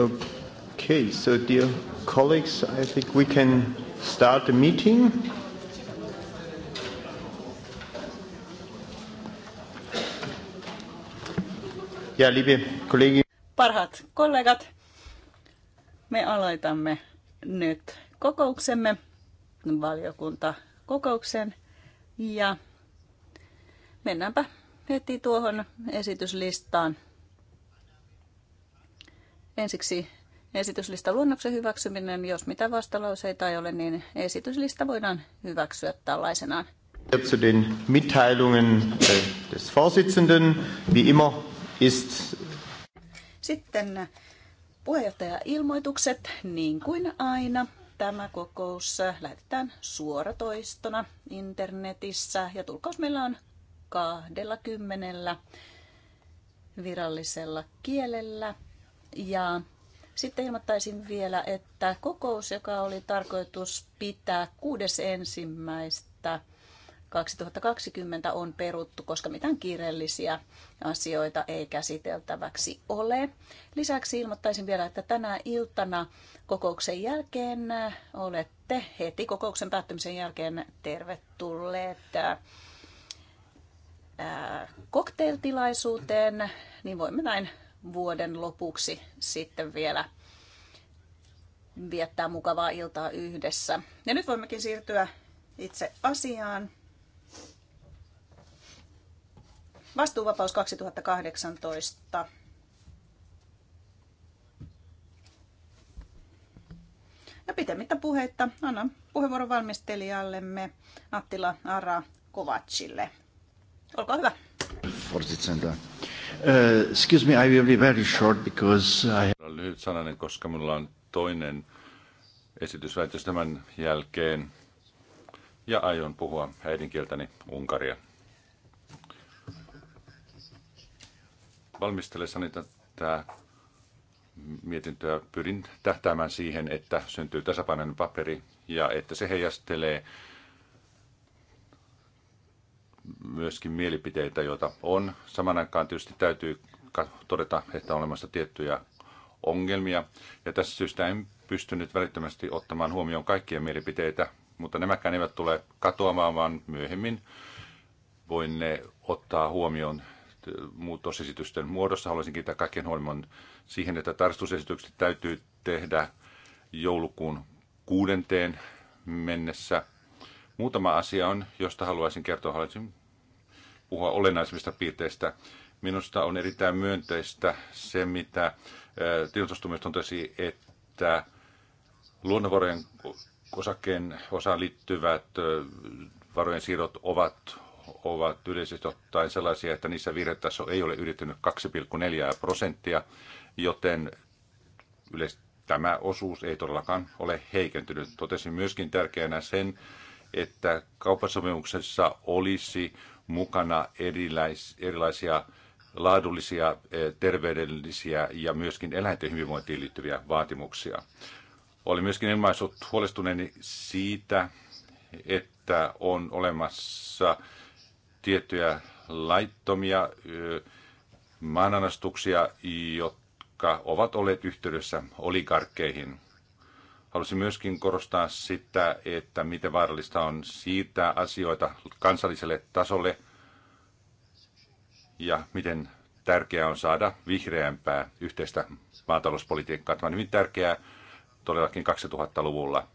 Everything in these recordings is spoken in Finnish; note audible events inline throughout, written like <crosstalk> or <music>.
Okay, so dear colleagues, I think we can start the meeting. Ja, liebe Kollegen. Parhaat kollegat, me aloitamme nyt kokouksemme, valiokuntakokouksen, ja mennäänpä heti tuohon esityslistaan. Ensiksi esityslistan luonnoksen hyväksyminen. Jos mitä vastalauseita ei ole, niin esityslista voidaan hyväksyä tällaisenaan. Zu den Mitteilungen äh, des Vorsitzenden, wie immer, ist... Sitten puheenjohtaja-ilmoitukset, niin kuin aina. Tämä kokous lähetetään suoratoistona internetissä ja tulkaus meillä on kahdella kymmenellä virallisella kielellä. Ja sitten ilmoittaisin vielä, että kokous, joka oli tarkoitus pitää 6.1.2020 2020 on peruttu, koska mitään kiireellisiä asioita ei käsiteltäväksi ole. Lisäksi ilmoittaisin vielä, että tänä iltana kokouksen jälkeen olette heti kokouksen päättymisen jälkeen tervetulleet äh, äh, kokteiltilaisuuteen, niin voimme näin vuoden lopuksi sitten vielä viettää mukavaa iltaa yhdessä. Ja nyt voimmekin siirtyä itse asiaan. Vastuuvapaus 2018. Ja pitemmittä puheitta annan puheenvuoron valmistelijallemme Attila Ara Kovacille. Olkaa hyvä. Fortitsen Uh, excuse me, I will be very short because I... Lyhyt sananen, koska minulla on toinen esitysväitös tämän jälkeen. Ja aion puhua äidinkieltäni Unkaria. Valmistellessani tätä mietintöä pyrin tähtäämään siihen, että syntyy tasapainoinen paperi ja että se heijastelee myöskin mielipiteitä, joita on. Saman aikaan tietysti täytyy todeta, että on olemassa tiettyjä ongelmia. Ja tässä syystä en pystynyt välittömästi ottamaan huomioon kaikkia mielipiteitä, mutta nämäkään eivät tule katoamaan, vaan myöhemmin voin ne ottaa huomioon muutosesitysten muodossa. Haluaisin kiittää kaikkien huomioon siihen, että tarkastusesitykset täytyy tehdä joulukuun kuudenteen mennessä – Muutama asia on, josta haluaisin kertoa, haluaisin puhua olennaisimmista piirteistä. Minusta on erittäin myönteistä se, mitä tilastustumista on tosi, että luonnonvarojen osakkeen osaan liittyvät varojen siirrot ovat, ovat yleisesti ottaen sellaisia, että niissä virhetaso ei ole yrittänyt 2,4 prosenttia, joten yleisesti tämä osuus ei todellakaan ole heikentynyt. Totesin myöskin tärkeänä sen, että kauppasopimuksessa olisi mukana erilaisia, erilaisia laadullisia, eh, terveydellisiä ja myöskin eläinten hyvinvointiin liittyviä vaatimuksia. Olin myöskin ilmaissut huolestuneeni siitä, että on olemassa tiettyjä laittomia eh, maananastuksia, jotka ovat olleet yhteydessä oligarkkeihin. Haluaisin myöskin korostaa sitä, että miten vaarallista on siirtää asioita kansalliselle tasolle ja miten tärkeää on saada vihreämpää yhteistä maatalouspolitiikkaa. Tämä on hyvin tärkeää todellakin 2000-luvulla.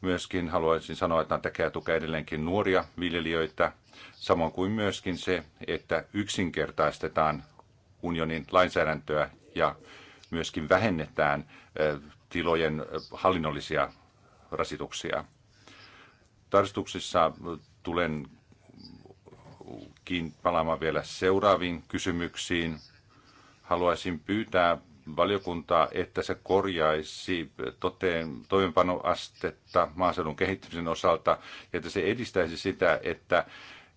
Myöskin haluaisin sanoa, että on tärkeää tukea edelleenkin nuoria viljelijöitä, samoin kuin myöskin se, että yksinkertaistetaan unionin lainsäädäntöä ja myöskin vähennetään tilojen hallinnollisia rasituksia. Tarkastuksissa tulen palaamaan vielä seuraaviin kysymyksiin. Haluaisin pyytää valiokuntaa, että se korjaisi toteen, toimenpanoastetta maaseudun kehittymisen osalta ja että se edistäisi sitä, että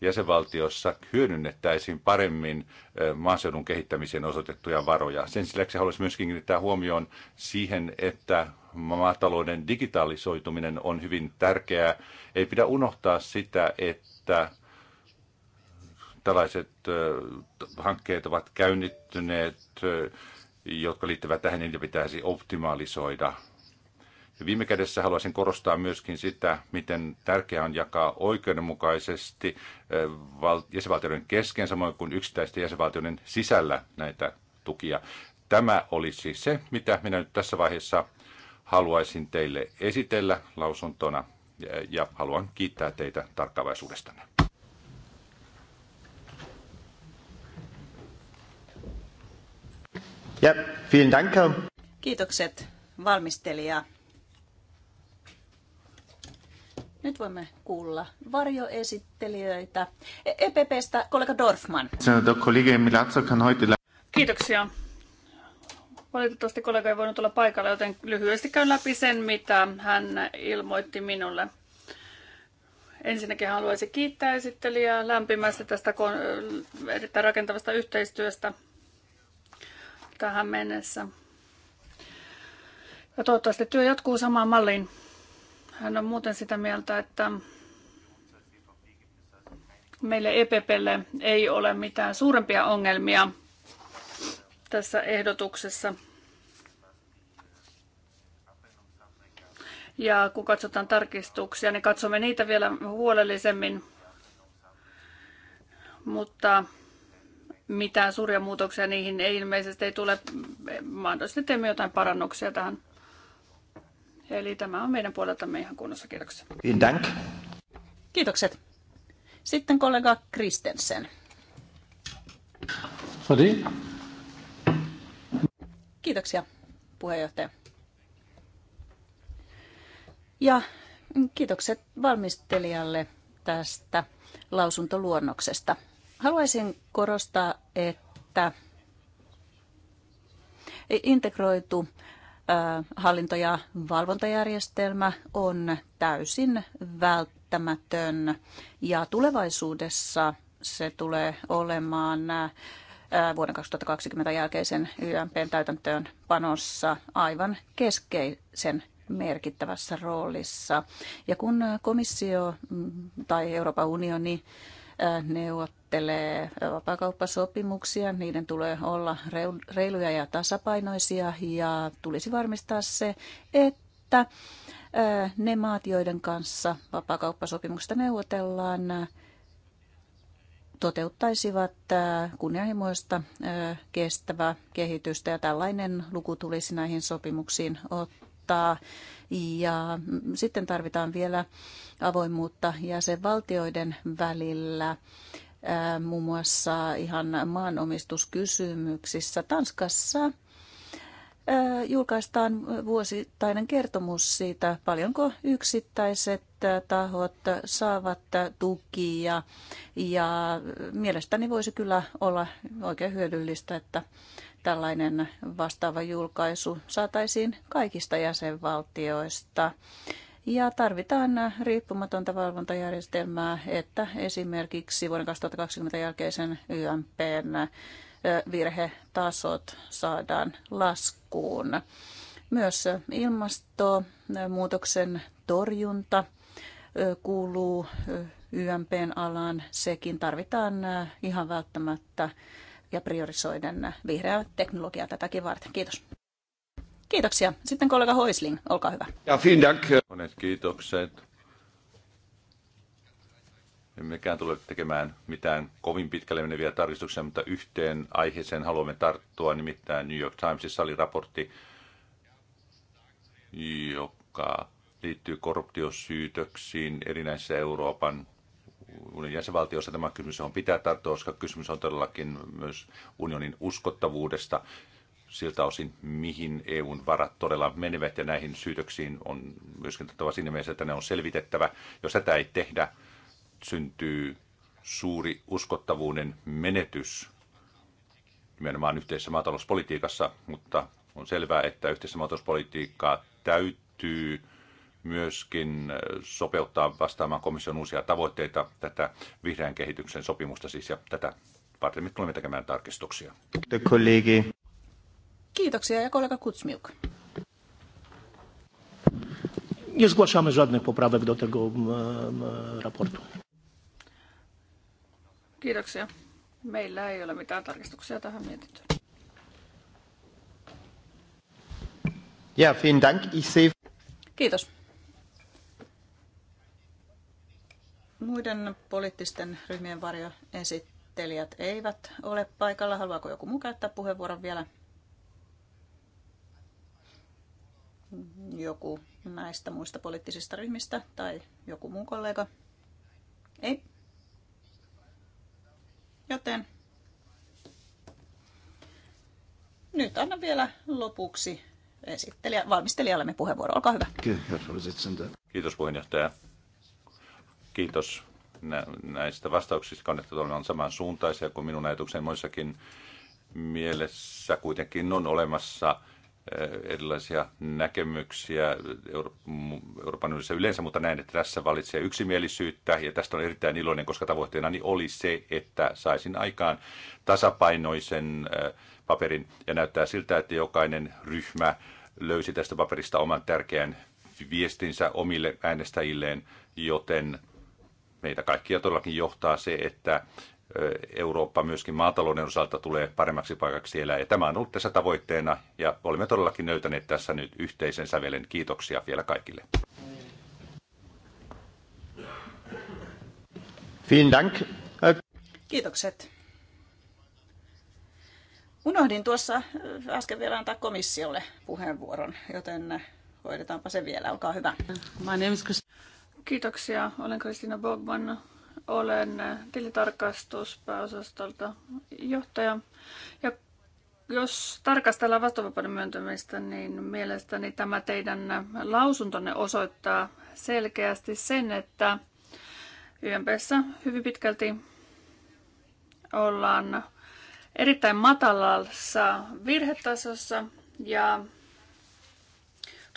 jäsenvaltiossa hyödynnettäisiin paremmin maaseudun kehittämiseen osoitettuja varoja. Sen lisäksi haluaisin myöskin kiinnittää huomioon siihen, että maatalouden digitalisoituminen on hyvin tärkeää. Ei pidä unohtaa sitä, että tällaiset hankkeet ovat käynnistyneet, jotka liittyvät tähän, niitä pitäisi optimalisoida – Viime kädessä haluaisin korostaa myöskin sitä, miten tärkeää on jakaa oikeudenmukaisesti jäsenvaltioiden kesken, samoin kuin yksittäisten jäsenvaltioiden sisällä näitä tukia. Tämä olisi se, mitä minä nyt tässä vaiheessa haluaisin teille esitellä lausuntona ja haluan kiittää teitä tarkkaavaisuudestanne. Ja, vielen Dank. Kiitokset valmistelija Nyt voimme kuulla varjoesittelijöitä. EPPstä e kollega Dorfman. Kiitoksia. Valitettavasti kollega ei voinut olla paikalla, joten lyhyesti käyn läpi sen, mitä hän ilmoitti minulle. Ensinnäkin haluaisin kiittää esittelijää lämpimästi tästä erittäin rakentavasta yhteistyöstä tähän mennessä. Ja toivottavasti työ jatkuu samaan malliin. Hän on muuten sitä mieltä, että meille EPPlle ei ole mitään suurempia ongelmia tässä ehdotuksessa. Ja kun katsotaan tarkistuksia, niin katsomme niitä vielä huolellisemmin. Mutta mitään suuria muutoksia niihin ei ilmeisesti ei tule. Mahdollisesti teemme jotain parannuksia tähän Eli tämä on meidän puoleltamme ihan kunnossa. Kiitoksia. Dank. Kiitokset. Sitten kollega Kristensen. Sorry. Kiitoksia, puheenjohtaja. Ja kiitokset valmistelijalle tästä lausuntoluonnoksesta. Haluaisin korostaa, että integroitu hallinto- ja valvontajärjestelmä on täysin välttämätön ja tulevaisuudessa se tulee olemaan vuoden 2020 jälkeisen YMPn täytäntöön panossa aivan keskeisen merkittävässä roolissa. Ja kun komissio mm, tai Euroopan unioni neuvottelee vapakauppasopimuksia. Niiden tulee olla reiluja ja tasapainoisia ja tulisi varmistaa se, että ne maat, joiden kanssa vapakauppasopimuksesta neuvotellaan, toteuttaisivat kunnianhimoista kestävää kehitystä ja tällainen luku tulisi näihin sopimuksiin ottaa muuttaa. Ja mm, sitten tarvitaan vielä avoimuutta jäsenvaltioiden välillä muun muassa ihan maanomistuskysymyksissä. Tanskassa julkaistaan vuosittainen kertomus siitä, paljonko yksittäiset tahot saavat tukia. Ja mielestäni voisi kyllä olla oikein hyödyllistä, että tällainen vastaava julkaisu saataisiin kaikista jäsenvaltioista. Ja tarvitaan riippumatonta valvontajärjestelmää, että esimerkiksi vuoden 2020 jälkeisen YMPn virhetasot saadaan laskuun. Myös ilmastonmuutoksen torjunta kuuluu YMPn alaan. Sekin tarvitaan ihan välttämättä ja priorisoiden vihreää teknologiaa tätäkin varten. Kiitos. Kiitoksia. Sitten kollega Hoisling, olkaa hyvä. Ja dank. Monet kiitokset. Emmekään tule tekemään mitään kovin pitkälle meneviä tarkistuksia, mutta yhteen aiheeseen haluamme tarttua, nimittäin New York Timesissa oli raportti, joka liittyy korruptiosyytöksiin erinäisissä Euroopan unionin jäsenvaltioissa tämä kysymys on pitää tarttua, koska kysymys on todellakin myös unionin uskottavuudesta siltä osin, mihin EUn varat todella menevät, ja näihin syytöksiin on myöskin otettava siinä mielessä, että ne on selvitettävä. Jos tätä ei tehdä, syntyy suuri uskottavuuden menetys nimenomaan yhteisessä maatalouspolitiikassa, mutta on selvää, että yhteisessä maatalouspolitiikkaa täytyy myöskin äh, sopeuttaa vastaamaan komission uusia tavoitteita tätä vihreän kehityksen sopimusta siis, ja tätä varten me tulemme tekemään tarkistuksia. Kiitoksia ja kollega Kutsmiuk. Nie zgłaszamy żadnych poprawek do tego mm, mm, raportu. Kiitoksia. Meillä ei ole mitään tarkistuksia tähän mietintöön. Ja, vielen Dank. Ich sehe... Kiitos. muiden poliittisten ryhmien varjoesittelijät eivät ole paikalla. Haluaako joku muu käyttää puheenvuoron vielä? Joku näistä muista poliittisista ryhmistä tai joku muu kollega? Ei. Joten nyt annan vielä lopuksi esittelijä, valmistelijallemme puheenvuoro. Olkaa hyvä. Kiitos puheenjohtaja. Kiitos näistä vastauksista, että on saman kuin minun ajatukseni monissakin mielessä. Kuitenkin on olemassa eh, erilaisia näkemyksiä Euroopan unionissa yleensä, mutta näin, että tässä valitsee yksimielisyyttä ja tästä on erittäin iloinen, koska tavoitteenani oli se, että saisin aikaan tasapainoisen eh, paperin ja näyttää siltä, että jokainen ryhmä löysi tästä paperista oman tärkeän viestinsä omille äänestäjilleen, joten meitä kaikkia todellakin johtaa se, että Eurooppa myöskin maatalouden osalta tulee paremmaksi paikaksi elää. Ja tämä on ollut tässä tavoitteena ja olemme todellakin löytäneet tässä nyt yhteisen sävelen. Kiitoksia vielä kaikille. Kiitokset. Unohdin tuossa äsken vielä antaa komissiolle puheenvuoron, joten hoidetaanpa se vielä. Olkaa hyvä. My name is Kiitoksia. Olen Kristina Bogman. Olen tilitarkastuspääosastolta johtaja. Ja jos tarkastellaan vastuuvapauden myöntämistä, niin mielestäni tämä teidän lausuntonne osoittaa selkeästi sen, että YMPssä hyvin pitkälti ollaan erittäin matalassa virhetasossa ja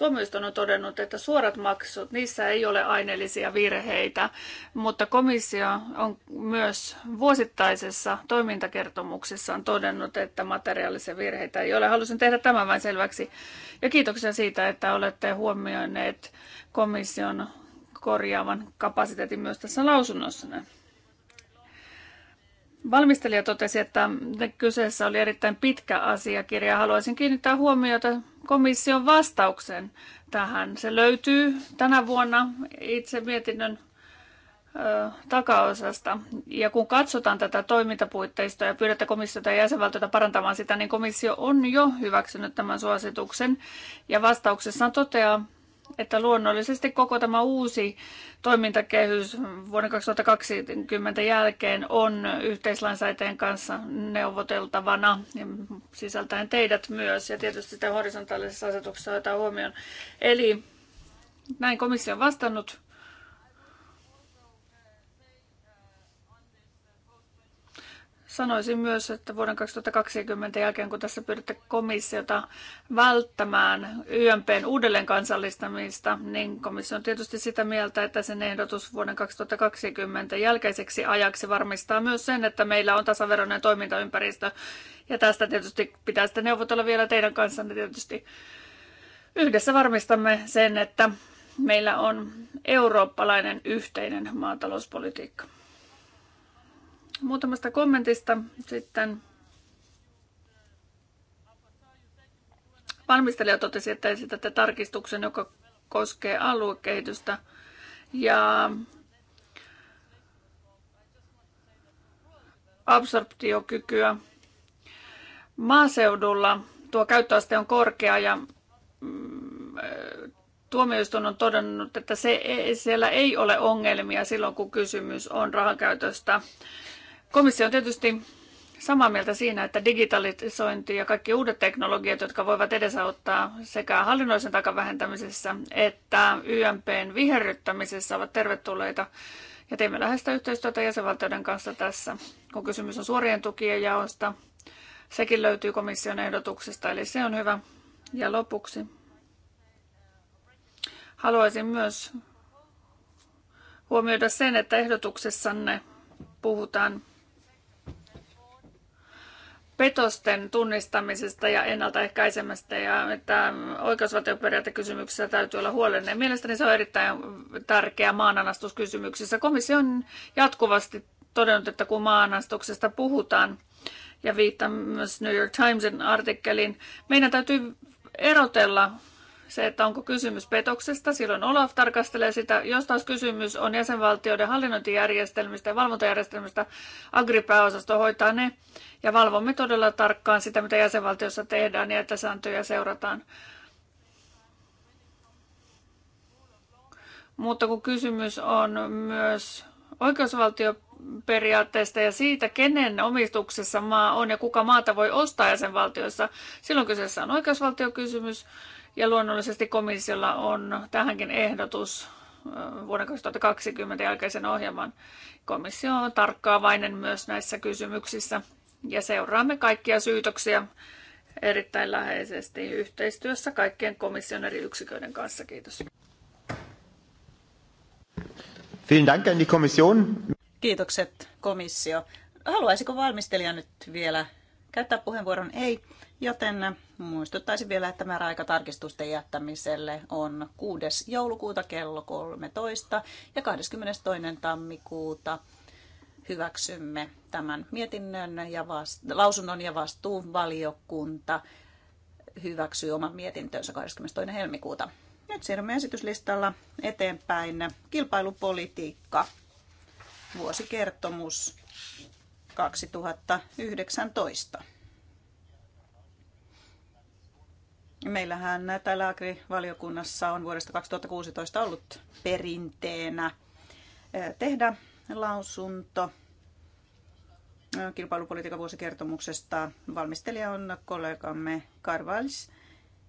Tuomioistuin on todennut, että suorat maksut, niissä ei ole aineellisia virheitä, mutta komissio on myös vuosittaisessa toimintakertomuksessaan todennut, että materiaalisia virheitä ei ole. Halusin tehdä tämän vain selväksi. Ja kiitoksia siitä, että olette huomioineet komission korjaavan kapasiteetin myös tässä lausunnossanne. Valmistelija totesi, että kyseessä oli erittäin pitkä asiakirja. Haluaisin kiinnittää huomiota komission vastauksen tähän. Se löytyy tänä vuonna itse mietinnön ö, takaosasta. Ja kun katsotaan tätä toimintapuitteista ja pyydätte komissiota ja jäsenvaltiota parantamaan sitä, niin komissio on jo hyväksynyt tämän suosituksen ja vastauksessaan toteaa, että luonnollisesti koko tämä uusi toimintakehys vuoden 2020 jälkeen on yhteislainsäiteen kanssa neuvoteltavana sisältäen teidät myös ja tietysti sitä horisontaalisessa asetuksessa otetaan huomioon. Eli näin komissio on vastannut Sanoisin myös, että vuoden 2020 jälkeen, kun tässä pyydätte komissiota välttämään YMPn uudelleen kansallistamista, niin komissio on tietysti sitä mieltä, että sen ehdotus vuoden 2020 jälkeiseksi ajaksi varmistaa myös sen, että meillä on tasaveroinen toimintaympäristö. Ja tästä tietysti pitää sitten neuvotella vielä teidän kanssanne tietysti. Yhdessä varmistamme sen, että meillä on eurooppalainen yhteinen maatalouspolitiikka. Muutamasta kommentista sitten valmistelija totesi, että esitätte tarkistuksen, joka koskee aluekehitystä. Ja absorptiokykyä. Maaseudulla tuo käyttöaste on korkea ja mm, tuomioistuin on todennut, että se, e, siellä ei ole ongelmia silloin, kun kysymys on rahankäytöstä Komissio on tietysti samaa mieltä siinä, että digitalisointi ja kaikki uudet teknologiat, jotka voivat edesauttaa sekä hallinnollisen takan vähentämisessä että YMPn viherryttämisessä ovat tervetulleita. Ja teemme läheistä yhteistyötä jäsenvaltioiden kanssa tässä, kun kysymys on suorien tukien jaosta. Sekin löytyy komission ehdotuksesta, eli se on hyvä. Ja lopuksi haluaisin myös huomioida sen, että ehdotuksessanne puhutaan petosten tunnistamisesta ja ennaltaehkäisemästä ja että oikeusvaltioperiaatekysymyksessä täytyy olla huolellinen. Mielestäni se on erittäin tärkeä maananastuskysymyksissä. Komissio on jatkuvasti todennut, että kun maanastuksesta puhutaan, ja viittaa myös New York Timesin artikkeliin, meidän täytyy erotella se, että onko kysymys petoksesta, silloin Olaf tarkastelee sitä. Jos taas kysymys on jäsenvaltioiden hallinnointijärjestelmistä ja valvontajärjestelmistä, agripääosasto hoitaa ne ja valvomme todella tarkkaan sitä, mitä jäsenvaltiossa tehdään ja että sääntöjä seurataan. Mutta kun kysymys on myös oikeusvaltioperiaatteesta ja siitä, kenen omistuksessa maa on ja kuka maata voi ostaa jäsenvaltioissa, silloin kyseessä on oikeusvaltiokysymys. Ja luonnollisesti komissiolla on tähänkin ehdotus vuoden 2020 jälkeisen ohjelman. Komissio on tarkkaavainen myös näissä kysymyksissä ja seuraamme kaikkia syytöksiä erittäin läheisesti yhteistyössä kaikkien komission eri yksiköiden kanssa. Kiitos. Vielen Dank an die Kommission. Kiitokset komissio. Haluaisiko valmistelija nyt vielä käyttää puheenvuoron? Ei. Joten muistuttaisin vielä, että määräaika tarkistusten jättämiselle on 6. joulukuuta kello 13 ja 22. tammikuuta hyväksymme tämän mietinnön ja vast- lausunnon ja vastuuvaliokunta hyväksyy oman mietintönsä 22. helmikuuta. Nyt siirrymme esityslistalla eteenpäin. Kilpailupolitiikka, vuosikertomus 2019. Meillähän täällä Agri-valiokunnassa on vuodesta 2016 ollut perinteenä eh, tehdä lausunto eh, kilpailupolitiikan vuosikertomuksesta. Valmistelija on kollegamme Karvals,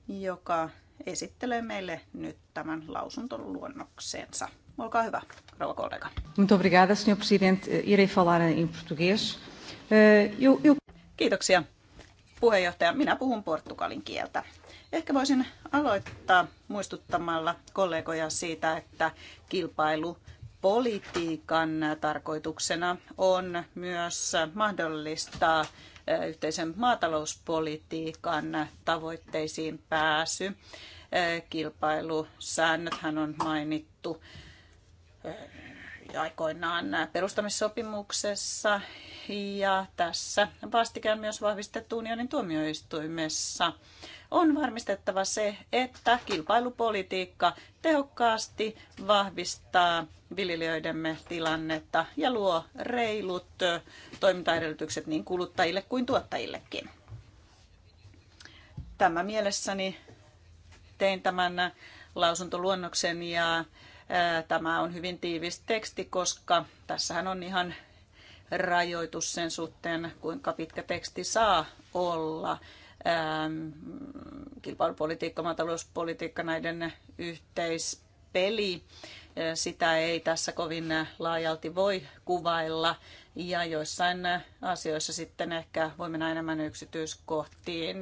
joka esittelee meille nyt tämän lausuntoluonnoksensa. Olkaa hyvä, rouva kollega. Muito obrigada, senhor presidente. Eh, irei falar em português. Kiitoksia, puheenjohtaja. Minä puhun portugalin kieltä. Ehkä voisin aloittaa muistuttamalla kollegoja siitä, että kilpailu politiikan tarkoituksena on myös mahdollistaa yhteisen maatalouspolitiikan tavoitteisiin pääsy. Kilpailusäännöthän on mainittu aikoinaan perustamissopimuksessa ja tässä vastikään myös vahvistettu unionin tuomioistuimessa on varmistettava se, että kilpailupolitiikka tehokkaasti vahvistaa viljelijöidemme tilannetta ja luo reilut toimintaedellytykset niin kuluttajille kuin tuottajillekin. Tämä mielessäni tein tämän lausuntoluonnoksen ja tämä on hyvin tiivis teksti, koska tässähän on ihan rajoitus sen suhteen, kuinka pitkä teksti saa olla. Ähm, kilpailupolitiikka, maatalouspolitiikka, näiden yhteispeli. Äh, sitä ei tässä kovin laajalti voi kuvailla ja joissain asioissa sitten ehkä voi mennä enemmän yksityiskohtiin.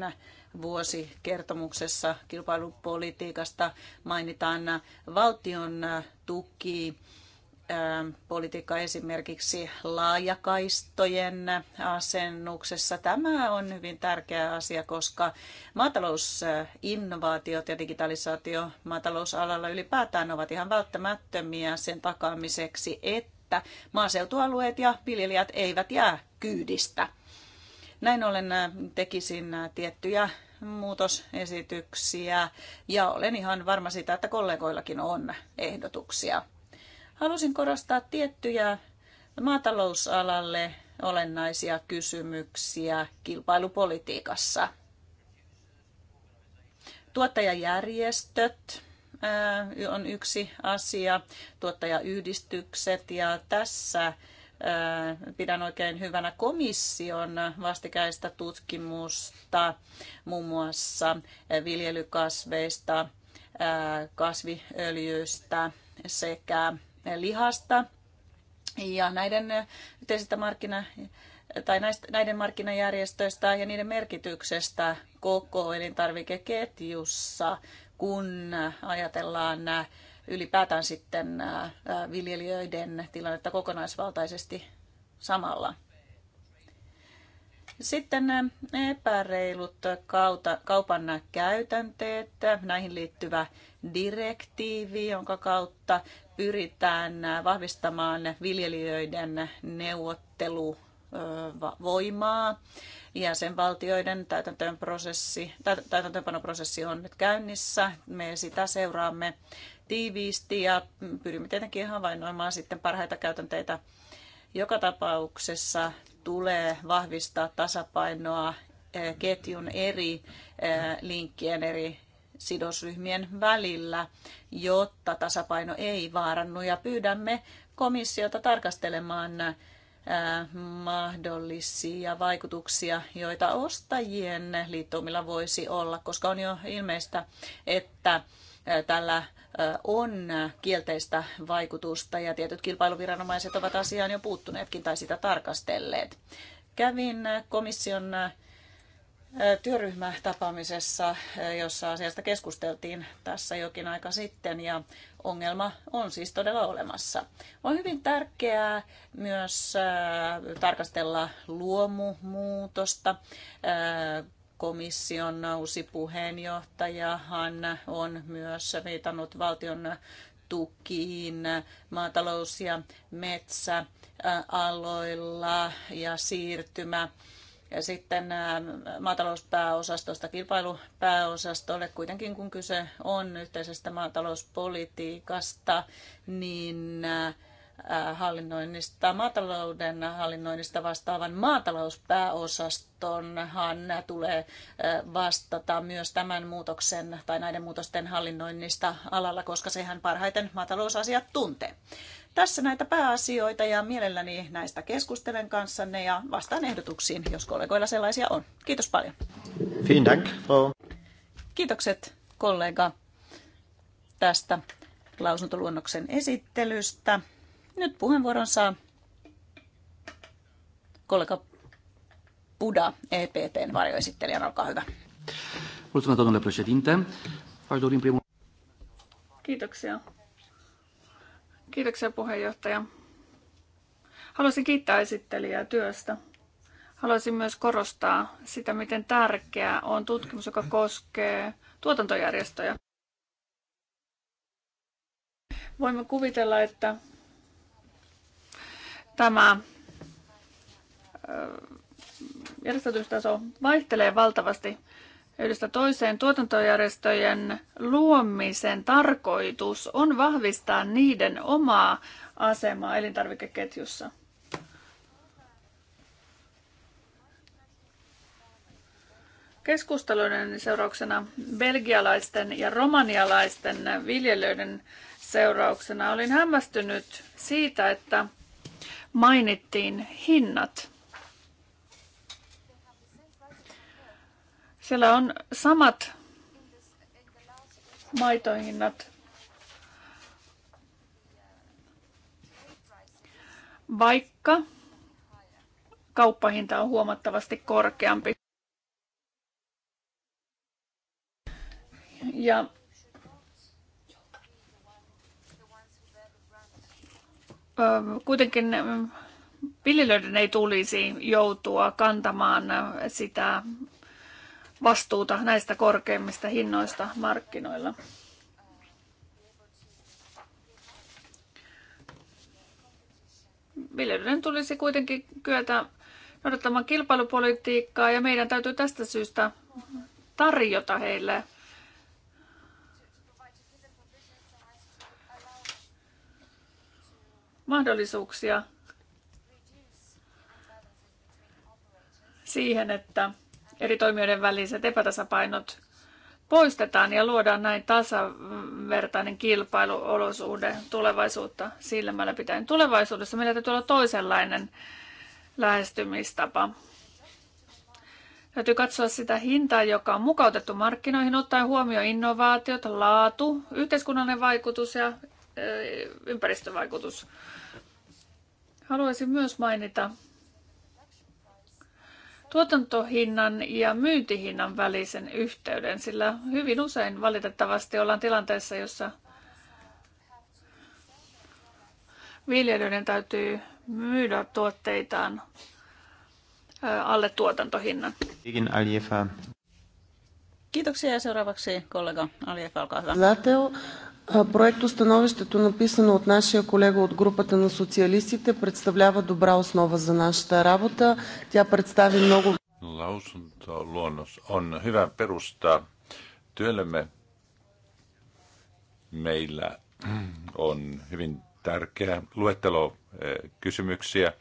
Vuosikertomuksessa kilpailupolitiikasta mainitaan valtion tuki Ähm, politiikka esimerkiksi laajakaistojen asennuksessa. Tämä on hyvin tärkeä asia, koska maatalousinnovaatiot ja digitalisaatio maatalousalalla ylipäätään ovat ihan välttämättömiä sen takaamiseksi, että maaseutualueet ja viljelijät eivät jää kyydistä. Näin ollen äh, tekisin äh, tiettyjä muutosesityksiä ja olen ihan varma siitä, että kollegoillakin on ehdotuksia. Halusin korostaa tiettyjä maatalousalalle olennaisia kysymyksiä kilpailupolitiikassa. Tuottajajärjestöt äh, on yksi asia, tuottajayhdistykset ja tässä äh, pidän oikein hyvänä komission vastikäistä tutkimusta muun muassa äh, viljelykasveista, kasviöljyistä sekä lihasta. Ja näiden yhteisistä markkina- tai näiden markkinajärjestöistä ja niiden merkityksestä koko elintarvikeketjussa, kun ajatellaan ylipäätään sitten viljelijöiden tilannetta kokonaisvaltaisesti samalla. Sitten epäreilut kaupan käytänteet, näihin liittyvä direktiivi, jonka kautta pyritään vahvistamaan viljelijöiden neuvottelu voimaa. Ja sen valtioiden täytäntöönprosessi, täytäntöönpanoprosessi on nyt käynnissä. Me sitä seuraamme tiiviisti ja pyrimme tietenkin havainnoimaan sitten parhaita käytänteitä. Joka tapauksessa tulee vahvistaa tasapainoa ketjun eri linkkien, eri sidosryhmien välillä, jotta tasapaino ei vaarannu. Ja pyydämme komissiota tarkastelemaan äh, mahdollisia vaikutuksia, joita ostajien liittoumilla voisi olla, koska on jo ilmeistä, että äh, tällä äh, on kielteistä vaikutusta ja tietyt kilpailuviranomaiset ovat asiaan jo puuttuneetkin tai sitä tarkastelleet. Kävin komission työryhmätapaamisessa, jossa asiasta keskusteltiin tässä jokin aika sitten ja ongelma on siis todella olemassa. On hyvin tärkeää myös äh, tarkastella luomumuutosta. Äh, komission uusi puheenjohtajahan on myös viitannut valtion tukiin maatalous- ja metsäaloilla ja siirtymä ja sitten äh, maatalouspääosastosta kilpailupääosastolle. Kuitenkin kun kyse on yhteisestä maatalouspolitiikasta, niin äh, hallinnoinnista, maatalouden hallinnoinnista vastaavan maatalouspääosastonhan tulee äh, vastata myös tämän muutoksen tai näiden muutosten hallinnoinnista alalla, koska sehän parhaiten maatalousasiat tuntee. Tässä näitä pääasioita ja mielelläni näistä keskustelen kanssanne ja vastaan ehdotuksiin, jos kollegoilla sellaisia on. Kiitos paljon. Vielen Dank, Frau. Kiitokset kollega tästä lausuntoluonnoksen esittelystä. Nyt puheenvuoron saa kollega Buda, EPPn varjoesittelijän. Olkaa hyvä. Kiitoksia, Kiitoksia puheenjohtaja. Haluaisin kiittää esittelijää työstä. Haluaisin myös korostaa sitä, miten tärkeää on tutkimus, joka koskee tuotantojärjestöjä. Voimme kuvitella, että tämä järjestäytymistaso vaihtelee valtavasti yhdestä toiseen tuotantojärjestöjen luomisen tarkoitus on vahvistaa niiden omaa asemaa elintarvikeketjussa. Keskusteluiden seurauksena belgialaisten ja romanialaisten viljelijöiden seurauksena olin hämmästynyt siitä, että mainittiin hinnat Siellä on samat maitohinnat. Vaikka kauppahinta on huomattavasti korkeampi. Ja kuitenkin viljelijöiden ei tulisi joutua kantamaan sitä vastuuta näistä korkeimmista hinnoista markkinoilla. Viljelyiden tulisi kuitenkin kyetä noudattamaan kilpailupolitiikkaa ja meidän täytyy tästä syystä tarjota heille mahdollisuuksia siihen, että eri toimijoiden väliset epätasapainot poistetaan ja luodaan näin tasavertainen kilpailuolosuhde tulevaisuutta silmällä pitäen. Tulevaisuudessa meillä täytyy olla toisenlainen lähestymistapa. Täytyy katsoa sitä hintaa, joka on mukautettu markkinoihin, ottaen huomioon innovaatiot, laatu, yhteiskunnallinen vaikutus ja ympäristövaikutus. Haluaisin myös mainita tuotantohinnan ja myyntihinnan välisen yhteyden, sillä hyvin usein valitettavasti ollaan tilanteessa, jossa viljelijöiden täytyy myydä tuotteitaan alle tuotantohinnan. Kiitoksia ja seuraavaksi kollega Aljefa, olkaa hyvä. Проектостановището, написано от нашия колега от групата на социалистите, представлява добра основа за нашата работа. Тя представи много... Lausuntoluonnos on hyvä perusta työllemme. Meillä on hyvin tärkeä luettelo eh, kysymyksiä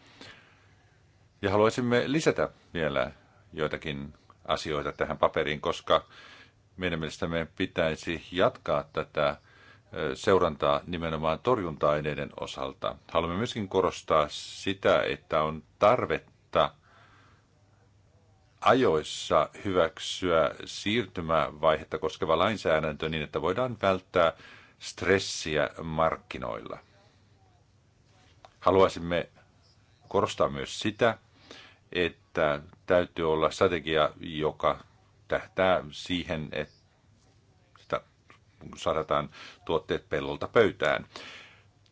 ja haluaisimme lisätä vielä joitakin asioita tähän paperiin, koska meidän mielestämme pitäisi jatkaa tätä seurantaa nimenomaan torjunta-aineiden osalta. Haluamme myöskin korostaa sitä, että on tarvetta ajoissa hyväksyä siirtymävaihetta koskeva lainsäädäntö niin, että voidaan välttää stressiä markkinoilla. Haluaisimme korostaa myös sitä, että täytyy olla strategia, joka tähtää siihen, että saadaan tuotteet pellolta pöytään.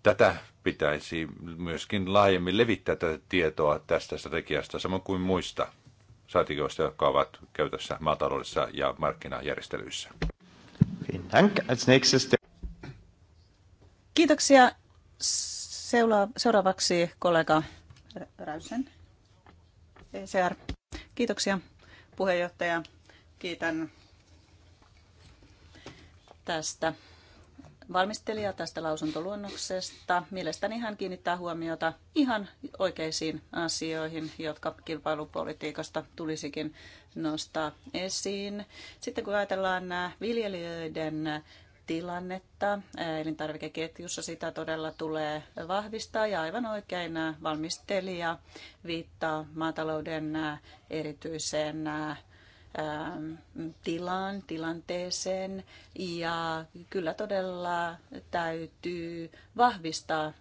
Tätä pitäisi myöskin laajemmin levittää tätä tietoa tästä strategiasta, samoin kuin muista strategioista, jotka ovat käytössä maataloudessa ja markkinajärjestelyissä. Kiitoksia. Seuraavaksi kollega Räysen. ECR. Kiitoksia puheenjohtaja. Kiitän tästä valmistelija tästä lausuntoluonnoksesta. Mielestäni hän kiinnittää huomiota ihan oikeisiin asioihin, jotka kilpailupolitiikasta tulisikin nostaa esiin. Sitten kun ajatellaan nämä viljelijöiden tilannetta elintarvikeketjussa, sitä todella tulee vahvistaa ja aivan oikein valmistelija viittaa maatalouden erityiseen Ähm, tilaan, tilanteeseen ja kyllä todella täytyy vahvistaa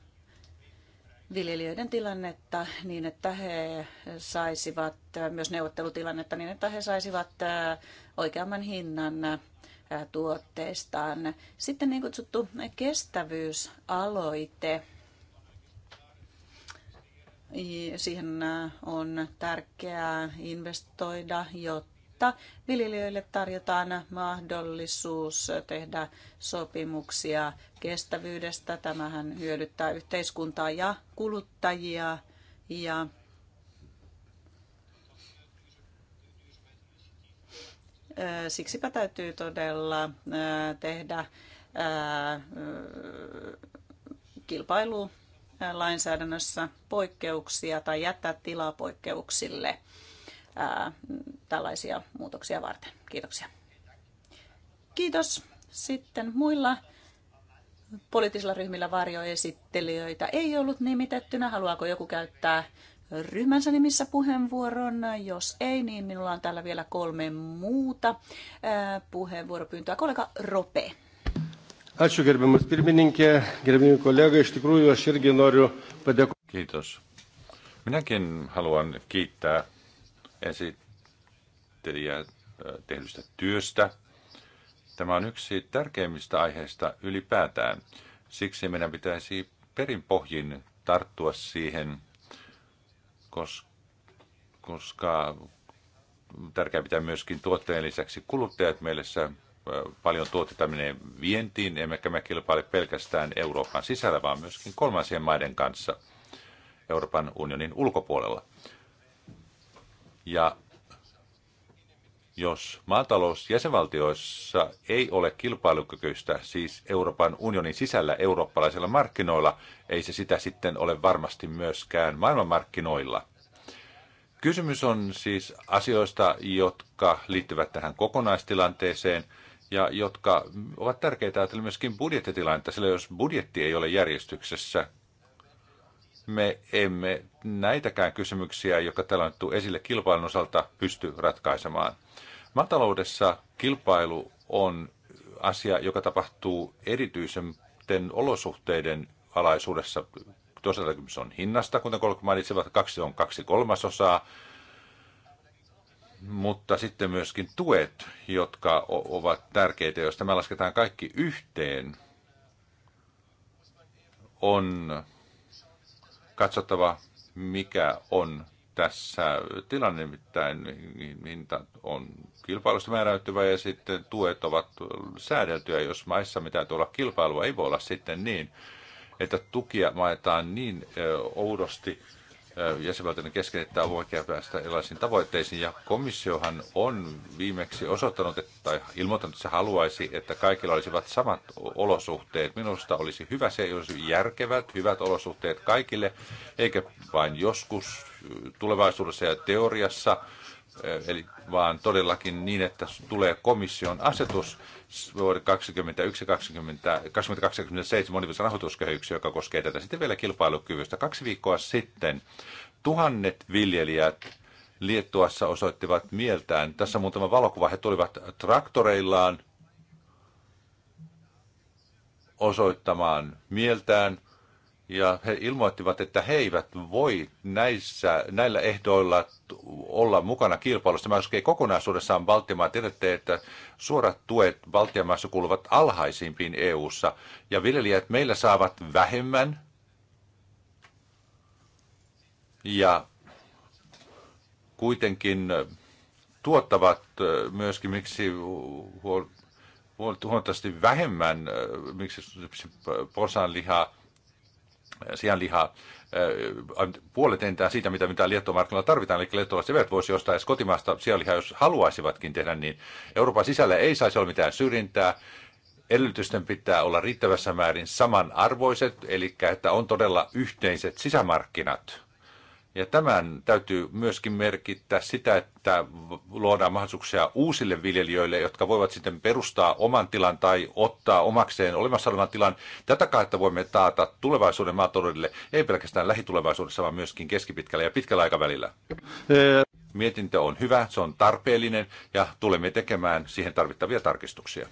viljelijöiden tilannetta niin, että he saisivat, äh, myös neuvottelutilannetta niin, että he saisivat äh, oikeamman hinnan äh, tuotteistaan. Sitten niin kutsuttu kestävyysaloite. Siihen on tärkeää investoida, jotta jotta viljelijöille tarjotaan mahdollisuus tehdä sopimuksia kestävyydestä. Tämähän hyödyttää yhteiskuntaa ja kuluttajia ja siksipä täytyy todella tehdä kilpailu lainsäädännössä poikkeuksia tai jättää tilaa poikkeuksille tällaisia muutoksia varten. Kiitoksia. Kiitos. Sitten muilla poliittisilla ryhmillä varjoesittelijöitä ei ollut nimitettynä. Haluaako joku käyttää ryhmänsä nimissä puheenvuoron. Jos ei, niin minulla on täällä vielä kolme muuta puheenvuoropyyntöä. Kollega Rope. kollega, Kiitos. Minäkin haluan kiittää esittelijöitä esittelijää äh, tehdystä työstä. Tämä on yksi tärkeimmistä aiheista ylipäätään. Siksi meidän pitäisi perinpohjin tarttua siihen, koska tärkeää pitää myöskin tuotteen lisäksi kuluttajat mielessä. Äh, paljon tuotteita menee vientiin, emmekä me kilpaile pelkästään Euroopan sisällä, vaan myöskin kolmansien maiden kanssa Euroopan unionin ulkopuolella. Ja jos maatalous jäsenvaltioissa ei ole kilpailukykyistä, siis Euroopan unionin sisällä eurooppalaisilla markkinoilla, ei se sitä sitten ole varmasti myöskään maailmanmarkkinoilla. Kysymys on siis asioista, jotka liittyvät tähän kokonaistilanteeseen ja jotka ovat tärkeitä ajatella myöskin budjettitilannetta, sillä jos budjetti ei ole järjestyksessä, me emme näitäkään kysymyksiä, jotka täällä on esille kilpailun osalta, pysty ratkaisemaan. Maataloudessa kilpailu on asia, joka tapahtuu erityisen olosuhteiden alaisuudessa. Toisaalta kysymys on hinnasta, kuten kolme mainitsivat, kaksi on kaksi kolmasosaa, mutta sitten myöskin tuet, jotka ovat tärkeitä. Jos tämä lasketaan kaikki yhteen, on katsottava, mikä on tässä tilanne, nimittäin hinta niin, niin on kilpailusta määräytyvä ja sitten tuet ovat säädeltyjä. Jos maissa mitä tuolla kilpailua ei voi olla sitten niin, että tukia maetaan niin oudosti, jäsenvaltioiden kesken, että on vaikea päästä erilaisiin tavoitteisiin. Ja komissiohan on viimeksi osoittanut että, tai ilmoittanut, että se haluaisi, että kaikilla olisivat samat olosuhteet. Minusta olisi hyvä se, jos järkevät, hyvät olosuhteet kaikille, eikä vain joskus tulevaisuudessa ja teoriassa, Eh, eli vaan todellakin niin, että tulee komission asetus vuoden 2021-2027 monivuotisen rahoituskehyksi, joka koskee tätä. Sitten vielä kilpailukyvystä. Kaksi viikkoa sitten tuhannet viljelijät Liettuassa osoittivat mieltään. Tässä muutama valokuva. He tulivat traktoreillaan osoittamaan mieltään – ja he ilmoittivat, että he eivät voi näissä, näillä ehdoilla olla mukana kilpailussa. Tämä koskee kokonaisuudessaan Baltiamaa. Tiedätte, että suorat tuet Baltiamaassa kuuluvat alhaisimpiin EU-ssa, ja viljelijät meillä saavat vähemmän. Ja kuitenkin tuottavat myöskin, miksi huomattavasti vähemmän, miksi porsan lihaa sianlihaa puolet entää siitä, mitä mitä liettomarkkinoilla tarvitaan, eli liettolaiset eivät voisi ostaa edes kotimaasta sianlihaa, jos haluaisivatkin tehdä niin. Euroopan sisällä ei saisi olla mitään syrjintää, edellytysten pitää olla riittävässä määrin samanarvoiset, eli että on todella yhteiset sisämarkkinat. Ja tämän täytyy myöskin merkittää sitä, että luodaan mahdollisuuksia uusille viljelijöille, jotka voivat sitten perustaa oman tilan tai ottaa omakseen olemassa olevan tilan. Tätä kautta voimme taata tulevaisuuden maataloudelle, ei pelkästään lähitulevaisuudessa, vaan myöskin keskipitkällä ja pitkällä aikavälillä. Mietintö on hyvä, se on tarpeellinen ja tulemme tekemään siihen tarvittavia tarkistuksia.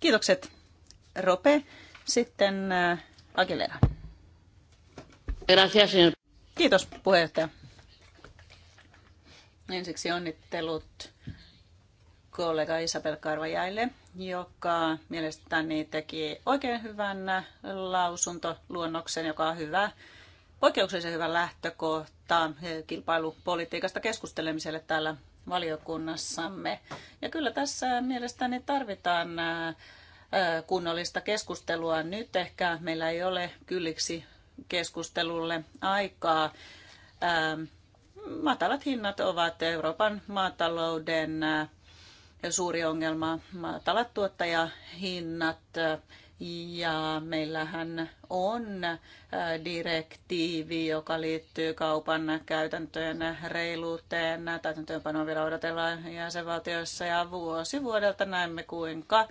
Kiitokset, Rope. Sitten äh, Aguilera. Gracias, señor. Kiitos puheenjohtaja. Ensiksi onnittelut kollega Isabel Karvajaille, joka mielestäni teki oikein hyvän lausuntoluonnoksen, joka on hyvä, poikkeuksellisen hyvä lähtökohta kilpailupolitiikasta keskustelemiselle täällä valiokunnassamme. Ja kyllä tässä mielestäni tarvitaan äh, kunnollista keskustelua. Nyt ehkä meillä ei ole kylliksi keskustelulle aikaa. Ähm, matalat hinnat ovat Euroopan maatalouden äh, suuri ongelma, matalat tuottajahinnat äh, ja meillähän on äh, direktiivi, joka liittyy kaupan käytäntöjen reiluuteen. Täytäntöönpanoa vielä odotellaan jäsenvaltioissa ja vuosi vuodelta näemme kuinka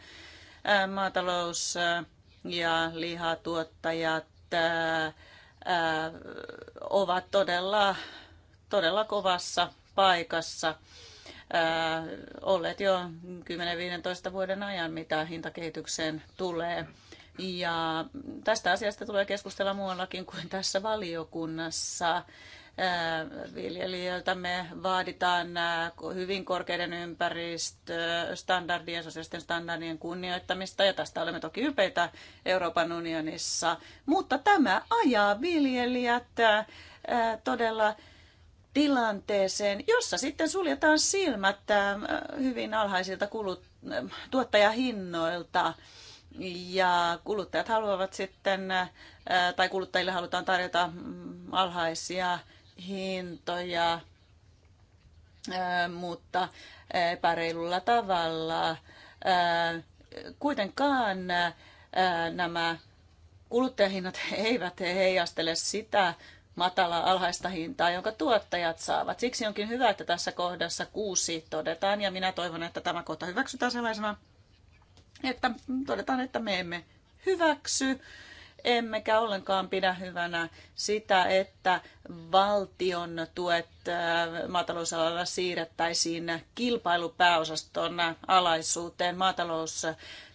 maatalous ja lihatuottajat ovat todella, todella kovassa paikassa olleet jo 10-15 vuoden ajan, mitä hintakehitykseen tulee. Ja tästä asiasta tulee keskustella muuallakin kuin tässä valiokunnassa viljelijöiltä me vaaditaan hyvin korkeiden ympäristöstandardien, sosiaalisten standardien kunnioittamista, ja tästä olemme toki ypeitä Euroopan unionissa. Mutta tämä ajaa viljelijät todella tilanteeseen, jossa sitten suljetaan silmät hyvin alhaisilta kulut, tuottajahinnoilta. Ja kuluttajat haluavat sitten, tai kuluttajille halutaan tarjota mm, alhaisia hintoja, mutta epäreilulla tavalla. Kuitenkaan nämä kuluttajahinnat <laughs> eivät heijastele sitä matalaa alhaista hintaa, jonka tuottajat saavat. Siksi onkin hyvä, että tässä kohdassa kuusi todetaan, ja minä toivon, että tämä kohta hyväksytään sellaisena, että todetaan, että me emme hyväksy emmekä ollenkaan pidä hyvänä sitä, että valtion tuet äh, maatalousalalla siirrettäisiin kilpailupääosaston alaisuuteen. Maatalous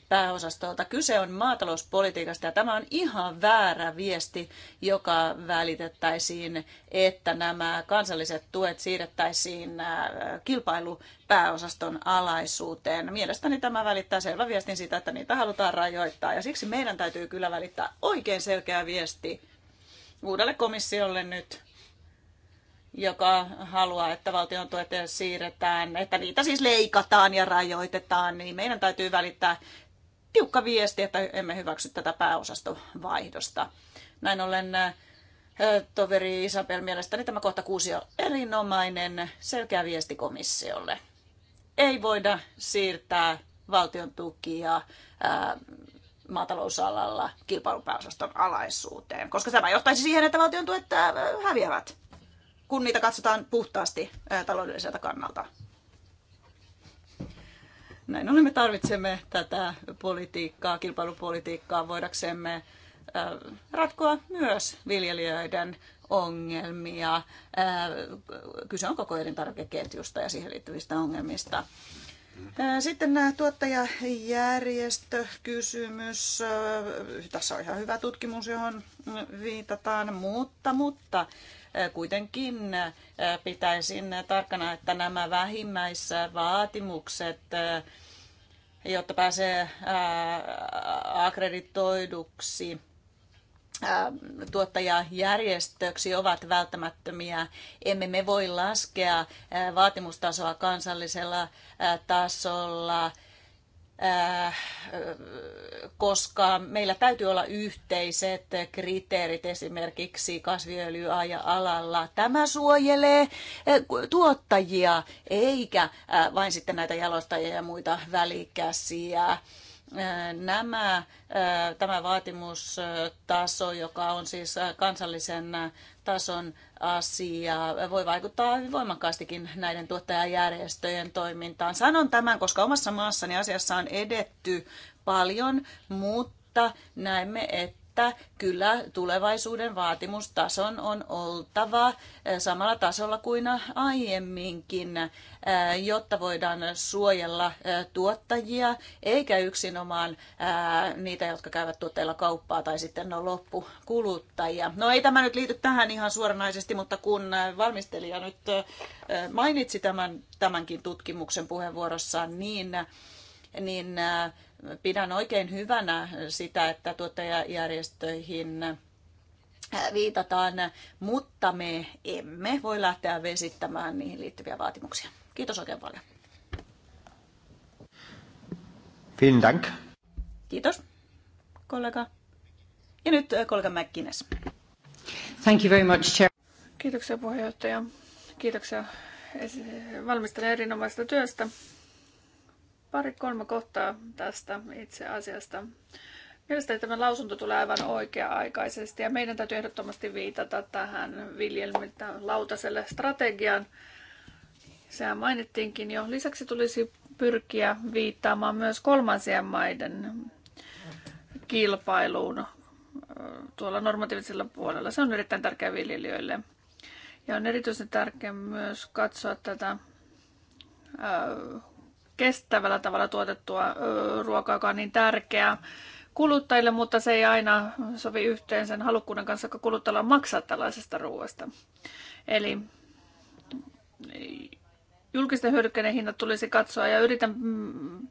pääosastolta. Kyse on maatalouspolitiikasta ja tämä on ihan väärä viesti, joka välitettäisiin, että nämä kansalliset tuet siirrettäisiin äh, kilpailupääosaston alaisuuteen. Mielestäni tämä välittää selvä viestin siitä, että niitä halutaan rajoittaa ja siksi meidän täytyy kyllä välittää oikein selkeä viesti uudelle komissiolle nyt joka haluaa, että valtion tuet siirretään, että niitä siis leikataan ja rajoitetaan, niin meidän täytyy välittää tiukka viesti, että emme hyväksy tätä pääosastovaihdosta. Näin ollen toveri Isabel mielestäni tämä kohta kuusi on erinomainen selkeä viesti komissiolle. Ei voida siirtää valtion tukia ää, maatalousalalla kilpailupääosaston alaisuuteen, koska tämä johtaisi siihen, että valtion tuet häviävät, kun niitä katsotaan puhtaasti ää, taloudelliselta kannalta. Näin ollen me tarvitsemme tätä politiikkaa, kilpailupolitiikkaa voidaksemme ratkoa myös viljelijöiden ongelmia. Kyse on koko elintarvikeketjusta ja siihen liittyvistä ongelmista. Mm-hmm. Sitten nämä tuottajajärjestökysymys. Tässä on ihan hyvä tutkimus, johon viitataan, mutta, mutta kuitenkin pitäisin tarkkana, että nämä vähimmäisvaatimukset, jotta pääsee akkreditoiduksi, tuottajajärjestöksi ovat välttämättömiä. Emme me voi laskea vaatimustasoa kansallisella tasolla Äh, koska meillä täytyy olla yhteiset kriteerit esimerkiksi alalla Tämä suojelee äh, tuottajia eikä äh, vain sitten näitä jalostajia ja muita välikäsiä nämä, tämä vaatimustaso, joka on siis kansallisen tason asia voi vaikuttaa hyvin voimakkaastikin näiden tuottajajärjestöjen toimintaan. Sanon tämän, koska omassa maassani asiassa on edetty paljon, mutta näemme, että että kyllä tulevaisuuden vaatimustason on oltava eh, samalla tasolla kuin aiemminkin, eh, jotta voidaan suojella eh, tuottajia, eikä yksinomaan niitä, jotka käyvät tuotteilla kauppaa tai sitten on loppukuluttajia. No ei tämä nyt liity tähän ihan suoranaisesti, mutta kun valmistelija nyt mainitsi tämän, tämänkin tutkimuksen puheenvuorossaan, niin niin pidän oikein hyvänä sitä, että tuottajajärjestöihin viitataan, mutta me emme voi lähteä vesittämään niihin liittyviä vaatimuksia. Kiitos oikein paljon. Vielen Dank. Kiitos, kollega. Ja nyt eh, kollega McGuinness. Thank you very much, Chair. Kiitoksia puheenjohtaja. Kiitoksia eh, valmistelijan erinomaisesta työstä pari-kolme kohtaa tästä itse asiasta. Mielestäni tämä lausunto tulee aivan oikea-aikaisesti ja meidän täytyy ehdottomasti viitata tähän viljelmiltä lautaselle strategian. Sehän mainittiinkin jo. Lisäksi tulisi pyrkiä viittaamaan myös kolmansien maiden kilpailuun tuolla normatiivisella puolella. Se on erittäin tärkeää viljelijöille. Ja on erityisen tärkeää myös katsoa tätä kestävällä tavalla tuotettua ruokaa, joka on niin tärkeää kuluttajille, mutta se ei aina sovi yhteen sen halukkuuden kanssa, joka kuluttajalla on maksaa tällaisesta ruoasta. Eli julkisten hyödykkeiden hinnat tulisi katsoa ja yritän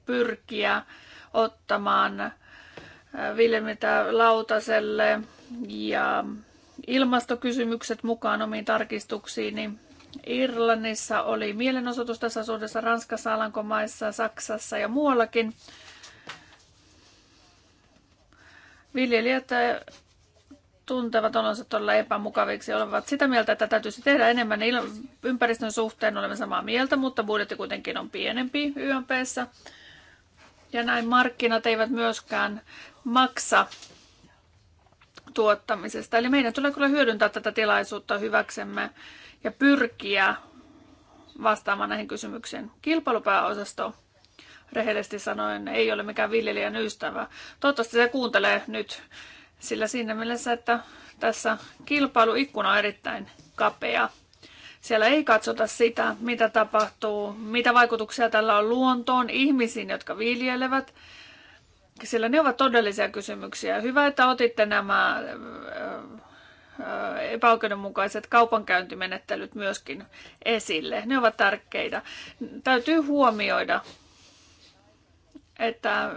pyrkiä ottamaan viljelmiltä lautaselle ja ilmastokysymykset mukaan omiin tarkistuksiini. Irlannissa oli mielenosoitus tässä suhteessa, Ranskassa, Alankomaissa, Saksassa ja muuallakin. Viljelijät äh, tuntevat olonsa todella epämukaviksi, olevat sitä mieltä, että täytyisi tehdä enemmän ympäristön suhteen, olemme samaa mieltä, mutta budjetti kuitenkin on pienempi YMPssä. Ja näin markkinat eivät myöskään maksa tuottamisesta. Eli meidän tulee kyllä hyödyntää tätä tilaisuutta hyväksemme ja pyrkiä vastaamaan näihin kysymyksiin. Kilpailupääosasto rehellisesti sanoen ei ole mikään viljelijän ystävä. Toivottavasti se kuuntelee nyt, sillä siinä mielessä, että tässä kilpailuikkuna on erittäin kapea. Siellä ei katsota sitä, mitä tapahtuu, mitä vaikutuksia tällä on luontoon, ihmisiin, jotka viljelevät, sillä ne ovat todellisia kysymyksiä. Hyvä, että otitte nämä äh, epäoikeudenmukaiset kaupankäyntimenettelyt myöskin esille. Ne ovat tärkeitä. Täytyy huomioida, että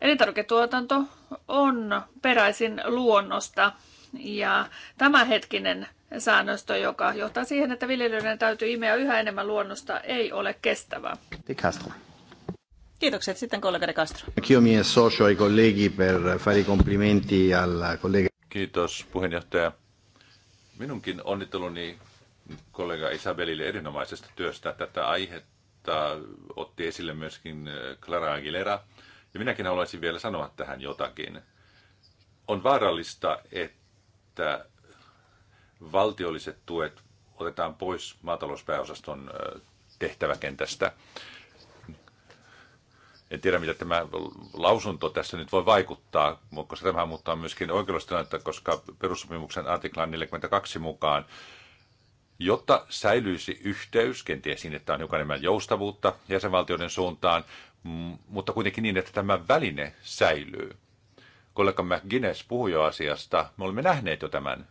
elintarviketuotanto on peräisin luonnosta ja tämänhetkinen säännöstö, joka johtaa siihen, että viljelijöiden täytyy imeä yhä enemmän luonnosta, ei ole kestävää. Kiitokset sitten kollega De Castro. mi ai colleghi per fare i complimenti collega. Kiitos puheenjohtaja. Minunkin onnitteluni kollega Isabelille erinomaisesta työstä tätä aihetta otti esille myöskin äh, Clara Aguilera. Ja minäkin haluaisin vielä sanoa tähän jotakin. On vaarallista, että valtiolliset tuet otetaan pois maatalouspääosaston äh, tehtäväkentästä. En tiedä, mitä tämä lausunto tässä nyt voi vaikuttaa, mutta se tämä muuttaa myöskin oikeudellista koska perussopimuksen artiklan 42 mukaan Jotta säilyisi yhteys, kenties siinä, että on hiukan enemmän joustavuutta jäsenvaltioiden suuntaan, mutta kuitenkin niin, että tämä väline säilyy. Kollega McGuinness puhui jo asiasta. Me olemme nähneet jo tämän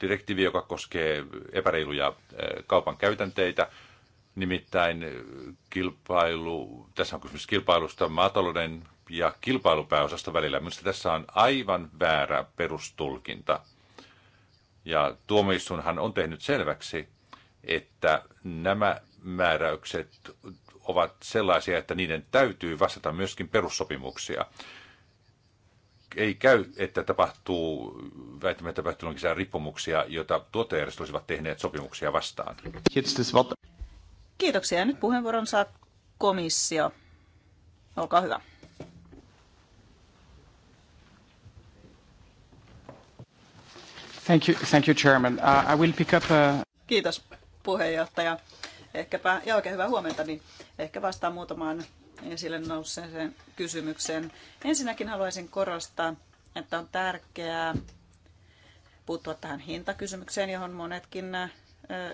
direktiivi, joka koskee epäreiluja eh, kaupan käytänteitä. Nimittäin kilpailu, tässä on kysymys kilpailusta maatalouden ja kilpailupääosasta välillä. Minusta tässä on aivan väärä perustulkinta. Ja tuomioistuinhan on tehnyt selväksi, että nämä määräykset ovat sellaisia, että niiden täytyy vastata myöskin perussopimuksia. Ei käy, että tapahtuu, väittämättä tapahtuu jonkinlaisia rippumuksia, joita tuottajärjestöt olisivat tehneet sopimuksia vastaan. Kiitoksia. Ja nyt puheenvuoron saa komissio. Olkaa hyvä. Thank you, thank you Chairman. Uh, I will pick up a... Uh, Kiitos puheenjohtaja. Ehkäpä, ja oikein hyvää huomenta, niin ehkä vastaan muutamaan esille nousseeseen kysymykseen. Ensinnäkin haluaisin korostaa, että on tärkeää puuttua tähän hintakysymykseen, johon monetkin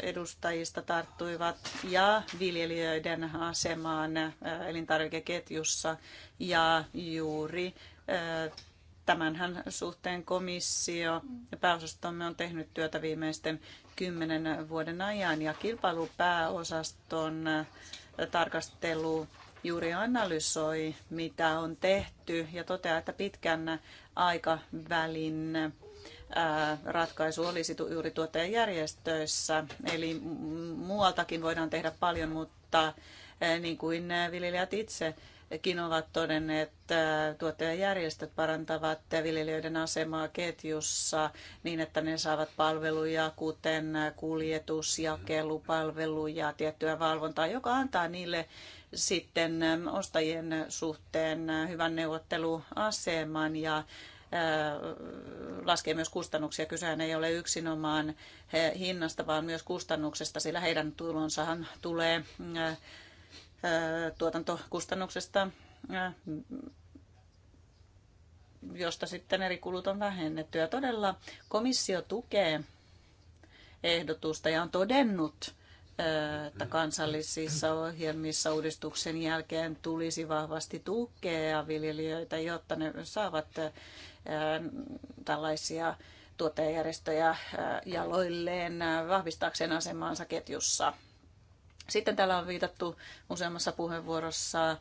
edustajista tarttuivat ja viljelijöiden asemaan elintarvikeketjussa ja juuri tämänhän suhteen komissio ja pääosastomme on tehnyt työtä viimeisten kymmenen vuoden ajan ja kilpailupääosaston tarkastelu juuri analysoi, mitä on tehty ja toteaa, että pitkän aikavälin ratkaisu olisi juuri tuottajajärjestöissä. Eli muualtakin voidaan tehdä paljon, mutta niin kuin viljelijät itsekin ovat todenneet, tuottajajärjestöt parantavat viljelijöiden asemaa ketjussa niin, että ne saavat palveluja, kuten kuljetus, jakelupalveluja, tiettyä valvontaa, joka antaa niille sitten ostajien suhteen hyvän neuvotteluaseman ja laskee myös kustannuksia. Kysehän ei ole yksinomaan hinnasta, vaan myös kustannuksesta, sillä heidän tulonsahan tulee tuotantokustannuksesta, josta sitten eri kulut on vähennetty. Ja todella komissio tukee ehdotusta ja on todennut, että kansallisissa ohjelmissa uudistuksen jälkeen tulisi vahvasti tukea viljelijöitä, jotta ne saavat tällaisia tuottajajärjestöjä jaloilleen vahvistaakseen asemaansa ketjussa. Sitten täällä on viitattu useammassa puheenvuorossa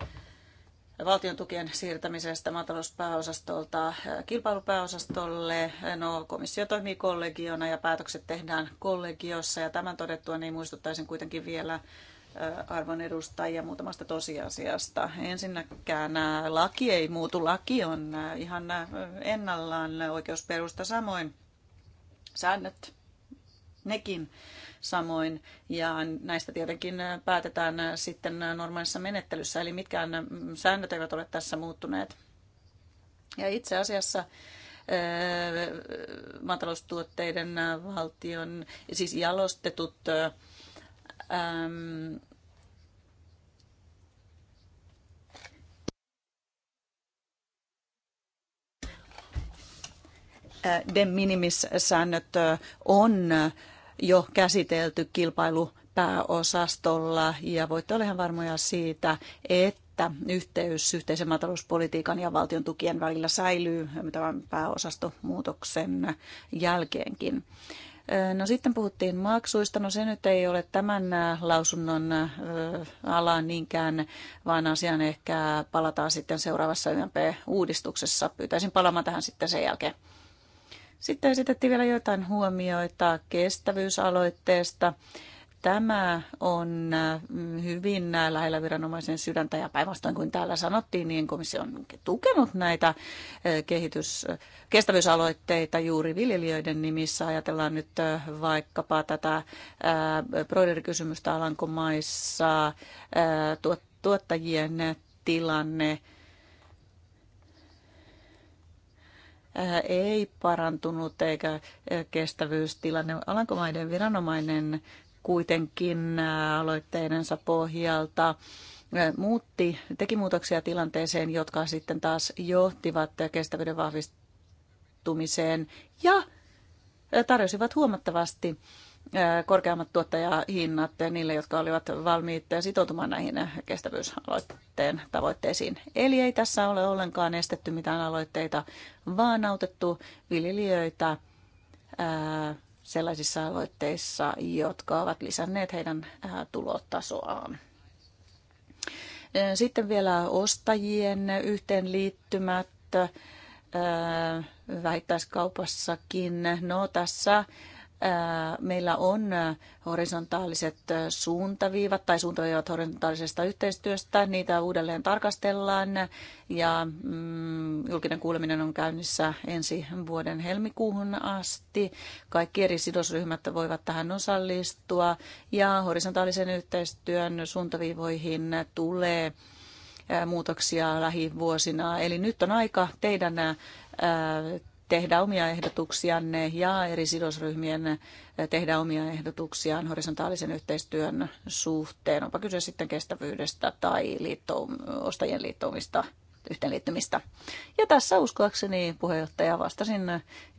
valtion tukien siirtämisestä maatalouspääosastolta kilpailupääosastolle. No, komissio toimii kollegiona ja päätökset tehdään kollegiossa ja tämän todettua niin muistuttaisin kuitenkin vielä arvon edustajia muutamasta tosiasiasta. Ensinnäkään laki ei muutu. Laki on ihan ennallaan oikeusperusta samoin. Säännöt nekin samoin. Ja näistä tietenkin päätetään sitten normaalissa menettelyssä, eli mitkään säännöt eivät ole tässä muuttuneet. Ja itse asiassa maataloustuotteiden valtion, siis jalostetut Um, de minimis-säännöt äh, on jo käsitelty kilpailupääosastolla ja voitte olla ihan varmoja siitä, että yhteys yhteisen maatalouspolitiikan ja valtion tukien välillä säilyy tämän pääosastomuutoksen jälkeenkin. No sitten puhuttiin maksuista. No se nyt ei ole tämän äh, lausunnon äh, ala niinkään, vaan asian ehkä palataan sitten seuraavassa YMP-uudistuksessa. Pyytäisin palaamaan tähän sitten sen jälkeen. Sitten esitettiin vielä joitain huomioita kestävyysaloitteesta tämä on mm, hyvin lähellä viranomaisen sydäntä ja päinvastoin kuin täällä sanottiin, niin komissio on tukenut näitä kehitys, kestävyysaloitteita juuri viljelijöiden nimissä. Ajatellaan nyt vaikkapa tätä broiderikysymystä Alankomaissa, tuottajien tilanne ei parantunut eikä kestävyystilanne. Alankomaiden viranomainen kuitenkin äh, aloitteidensa pohjalta äh, muutti, teki muutoksia tilanteeseen, jotka sitten taas johtivat kestävyyden vahvistumiseen ja äh, tarjosivat huomattavasti korkeammat tuottajahinnat niille, jotka olivat valmiit sitoutumaan näihin kestävyysaloitteen tavoitteisiin. Eli ei tässä ole ollenkaan estetty mitään aloitteita, vaan autettu viljelijöitä sellaisissa aloitteissa, jotka ovat lisänneet heidän äh, tulotasoaan. Sitten vielä ostajien yhteenliittymät vähittäiskaupassakin. No tässä meillä on horisontaaliset suuntaviivat tai suuntaviivat horisontaalisesta yhteistyöstä. Niitä uudelleen tarkastellaan ja mm, julkinen kuuleminen on käynnissä ensi vuoden helmikuuhun asti. Kaikki eri sidosryhmät voivat tähän osallistua ja horisontaalisen yhteistyön suuntaviivoihin tulee muutoksia lähivuosina. Eli nyt on aika teidän tehdä omia ehdotuksianne ja eri sidosryhmien eh, tehdä omia ehdotuksiaan horisontaalisen yhteistyön suhteen, onpa kyse sitten kestävyydestä tai liitto, ostajien liittoumista yhteenliittymistä. Ja tässä uskoakseni puheenjohtaja vastasin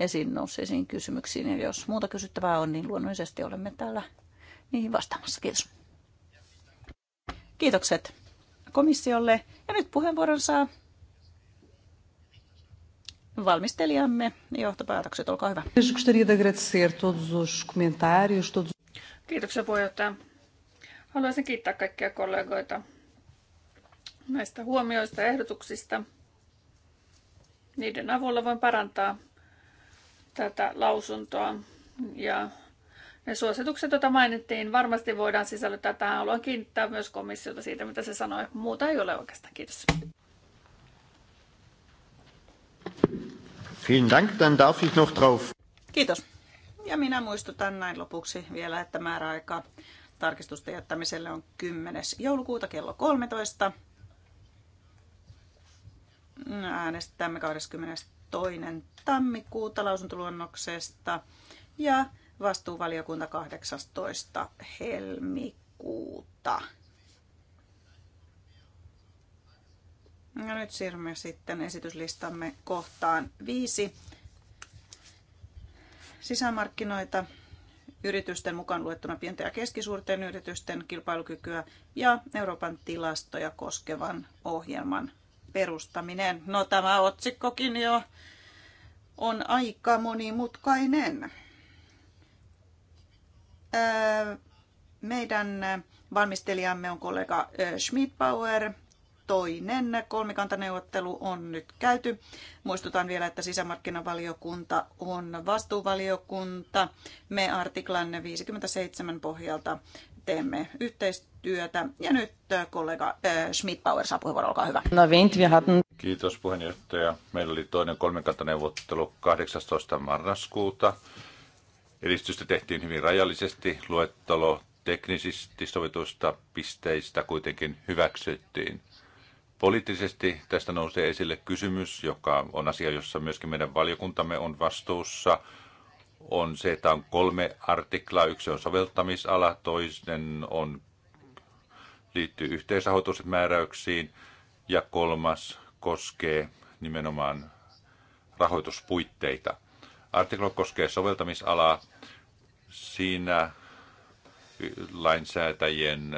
esiin nousseisiin kysymyksiin. Ja jos muuta kysyttävää on, niin luonnollisesti olemme täällä niihin vastaamassa. Kiitos. Kiitokset komissiolle. Ja nyt puheenvuoron saa valmistelijamme johtopäätökset. Olkaa hyvä. Kiitoksia puheenjohtaja. Haluaisin kiittää kaikkia kollegoita näistä huomioista ja ehdotuksista. Niiden avulla voin parantaa tätä lausuntoa ja ne suositukset, joita mainittiin, varmasti voidaan sisällyttää tähän. Haluan kiinnittää myös komissiota siitä, mitä se sanoi. Muuta ei ole oikeastaan. Kiitos. Vielen Dank, dann darf ich noch drauf. Kiitos. Ja minä muistutan näin lopuksi vielä, että määräaika tarkistusten jättämiselle on 10. joulukuuta kello 13. Äänestämme 22. tammikuuta lausuntoluonnoksesta ja vastuuvaliokunta 18. helmikuuta. Ja no nyt siirrymme sitten esityslistamme kohtaan viisi. Sisämarkkinoita, yritysten mukaan luettuna pienten ja keskisuurten yritysten kilpailukykyä ja Euroopan tilastoja koskevan ohjelman perustaminen. No tämä otsikkokin jo on aika monimutkainen. Öö, meidän valmistelijamme on kollega Schmidbauer toinen kolmikantaneuvottelu on nyt käyty. Muistutan vielä, että sisämarkkinavaliokunta on vastuuvaliokunta. Me artiklan 57 pohjalta teemme yhteistyötä. Ja nyt äh, kollega äh, schmidt Bauer saa puheenvuoron, olkaa hyvä. No, vint, vi Kiitos puheenjohtaja. Meillä oli toinen kolmikantaneuvottelu 18. marraskuuta. Edistystä tehtiin hyvin rajallisesti. Luettelo teknisistä sovituista pisteistä kuitenkin hyväksyttiin. Poliittisesti tästä nousee esille kysymys, joka on asia, jossa myöskin meidän valiokuntamme on vastuussa, on se, että on kolme artiklaa. Yksi on soveltamisala, toinen on, liittyy yhteisrahoitusmääräyksiin ja kolmas koskee nimenomaan rahoituspuitteita. Artikla koskee soveltamisalaa. Siinä lainsäätäjien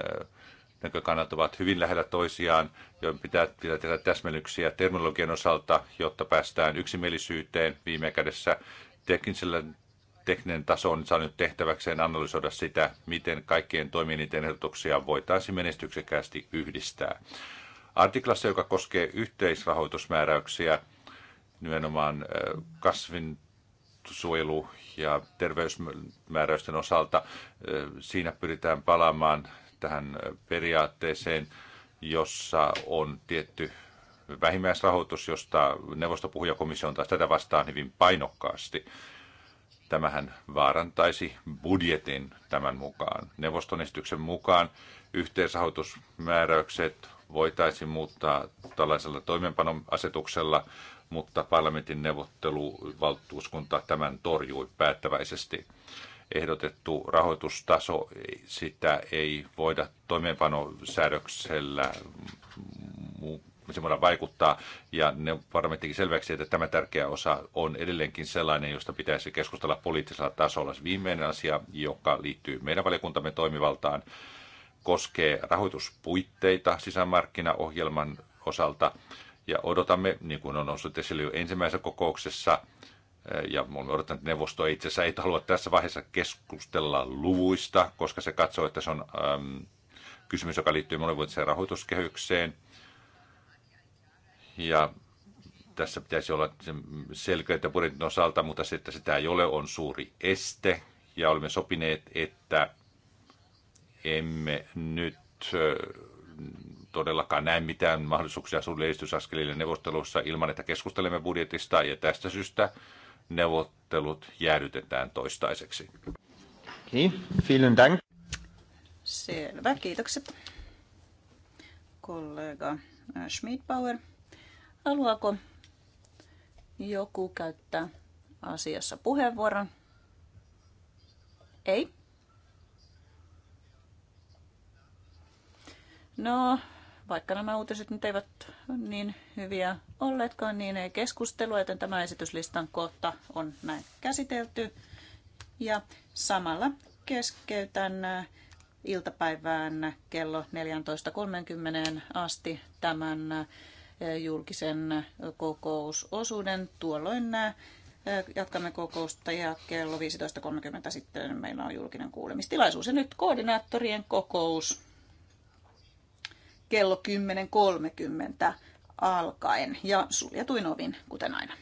näkökannat ovat hyvin lähellä toisiaan, joiden pitää, pitää tehdä täsmennyksiä terminologian osalta, jotta päästään yksimielisyyteen viime kädessä teknisellä tekninen taso on saanut tehtäväkseen analysoida sitä, miten kaikkien toimielinten ehdotuksia voitaisiin menestyksekkäästi yhdistää. Artiklassa, joka koskee yhteisrahoitusmääräyksiä, nimenomaan kasvin ja terveysmääräysten osalta. Siinä pyritään palaamaan tähän periaatteeseen, jossa on tietty vähimmäisrahoitus, josta neuvostopuhujakomissio on taas tätä vastaan hyvin painokkaasti. Tämähän vaarantaisi budjetin tämän mukaan. Neuvoston esityksen mukaan yhteisrahoitusmääräykset voitaisiin muuttaa tällaisella toimeenpanoasetuksella, mutta parlamentin neuvotteluvaltuuskunta tämän torjui päättäväisesti ehdotettu rahoitustaso, sitä ei voida toimeenpanosäädöksellä semmoinen vaikuttaa. Ja ne varmettikin selväksi, että tämä tärkeä osa on edelleenkin sellainen, josta pitäisi keskustella poliittisella tasolla. Se viimeinen asia, joka liittyy meidän valiokuntamme toimivaltaan, koskee rahoituspuitteita sisämarkkinaohjelman osalta. Ja odotamme, niin kuin on noussut esille jo ensimmäisessä kokouksessa, Eh, ja me olemme että neuvosto itse asiassa ei halua tässä vaiheessa keskustella luvuista, koska se katsoo, että se on äm, kysymys, joka liittyy monivuotiseen rahoituskehykseen. Ja tässä pitäisi olla selkeyttä budjetin osalta, mutta se, että sitä ei ole, on suuri este. Ja olemme sopineet, että emme nyt todellakaan näe mitään mahdollisuuksia suurille edistysaskelille neuvosteluissa ilman, että keskustelemme budjetista. Ja tästä syystä neuvottelut jäädytetään toistaiseksi. Okay, niin, vielen dank. Selvä, kiitokset kollega Schmidbauer. Haluaako joku käyttää asiassa puheenvuoron? Ei. No, vaikka nämä uutiset nyt eivät niin hyviä olleetkaan, niin ei keskustelu, joten tämä esityslistan kohta on näin käsitelty. Ja samalla keskeytän äh, iltapäivään kello 14.30 asti tämän äh, julkisen kokousosuuden. Tuolloin äh, jatkamme kokousta ja kello 15.30 sitten meillä on julkinen kuulemistilaisuus. Ja nyt koordinaattorien kokous kello 10.30 alkaen ja suljetuin ovin, kuten aina.